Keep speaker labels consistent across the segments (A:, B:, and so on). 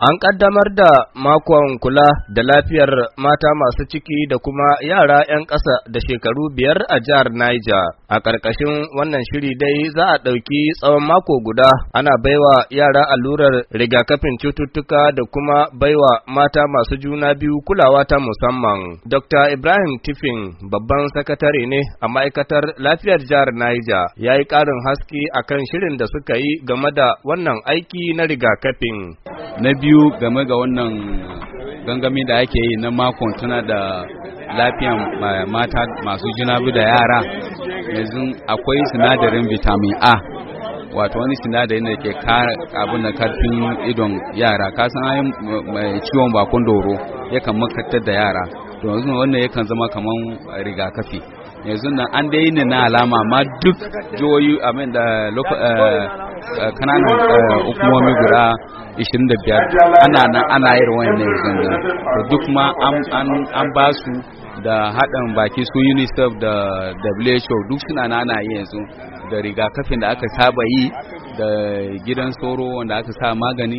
A: An ƙaddamar da makon kula da lafiyar mata masu ciki da kuma yara 'yan ƙasa da shekaru biyar a jihar Niger. A ƙarƙashin wannan shiri dai za a ɗauki tsawon mako guda ana baiwa yara allurar rigakafin cututtuka da kuma baiwa mata masu juna biyu kulawa ta musamman. Dr. Ibrahim Tifin babban sakatare ne a ma'aikatar lafiyar jihar Niger ya yi ƙarin haske akan shirin da suka yi game da wannan aiki na rigakafin. na
B: biyu game ga wannan gangami da ake yi na makon tana da lafiya mata masu juna biyu da yara yanzu akwai sinadarin vitamin a wato wani sinadarin da ke kare abin da karfin idon yara kasan ayin mai ciwon bakon doro yakan makatar da yara to yanzu wannan yakan zama kamar rigakafi yanzu nan an dai na alama ma duk jihohi amin da eh, eh, kananan eh, hukumomi guda 25 ana nan ana ruwan ne yanzu da duk ma an ba su da haɗin baki su unicef da who duk suna yi yanzu da rigakafin da aka saba yi da gidan soro wanda aka sa magani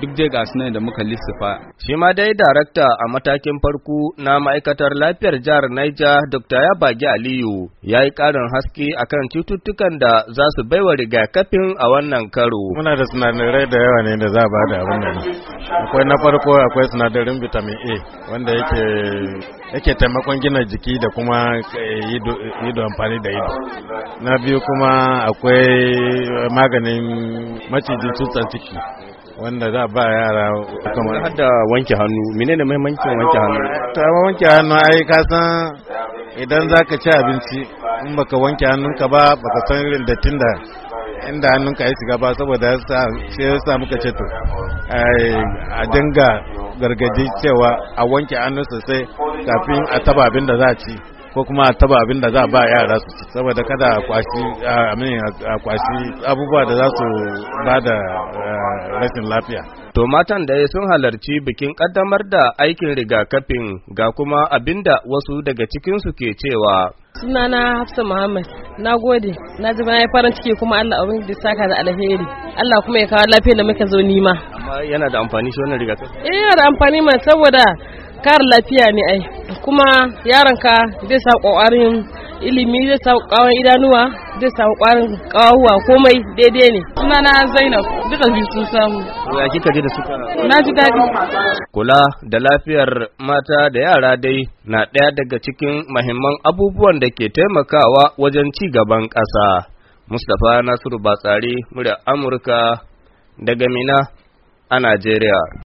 B: duk dai ga sunan
A: da muka lissafa. Shi ma dai darakta a matakin farko na ma'aikatar lafiyar jihar Niger Dr. Yabagi Aliyu ya yi karin haske akan cututtukan da za su
C: baiwa rigakafin a wannan karo. Muna da sinadarai da yawa ne da za a bada abin nan. Akwai na farko akwai sinadarin vitamin A wanda yake yake taimakon gina jiki da kuma eh, yi amfani da ido. Na biyu kuma akwai maganin macijin tsutsan ciki wanda za ba yara kamar har da wanke hannu menene muhimmancin wanke hannu ta wanke hannu ai ka san idan zaka ci abinci in baka wanke hannunka ba baka san irin da tinda inda hannunka ya shiga ba saboda sai ya sa muka ceto to a dinga gargaji cewa a wanke hannu sosai kafin a taba abin da za a ci ko kuma a taba abin da za a ba yara su saboda kada a kwashi abubuwa da za su ba da eh, rashin lafiya. To matan da
A: sun halarci bikin kaddamar da aikin rigakafin ga kuma abin da wasu daga cikinsu ke cewa.
D: Suna na hafsa muhammad na gode na ji na farin ciki kuma allah abin da saka da alheri allah kuma ya kawo lafiya da muka zo nima
A: amma yana da amfani shi wannan rigakafi
D: eh yana da amfani ma saboda kare lafiya ne ai kuma yaranka zai sa ƙwaƙwarin ilimi zai sa ƙawon idanuwa zai sa ƙwarin ƙawuwa komai daidai ne na zainab duka biyu sun samu
A: ya kika ji da suka na ji daɗi kula da lafiyar mata da yara dai na ɗaya daga cikin mahimman abubuwan da ke taimakawa wajen ci gaban ƙasa mustapha nasiru batsari murya amurka daga mina a najeriya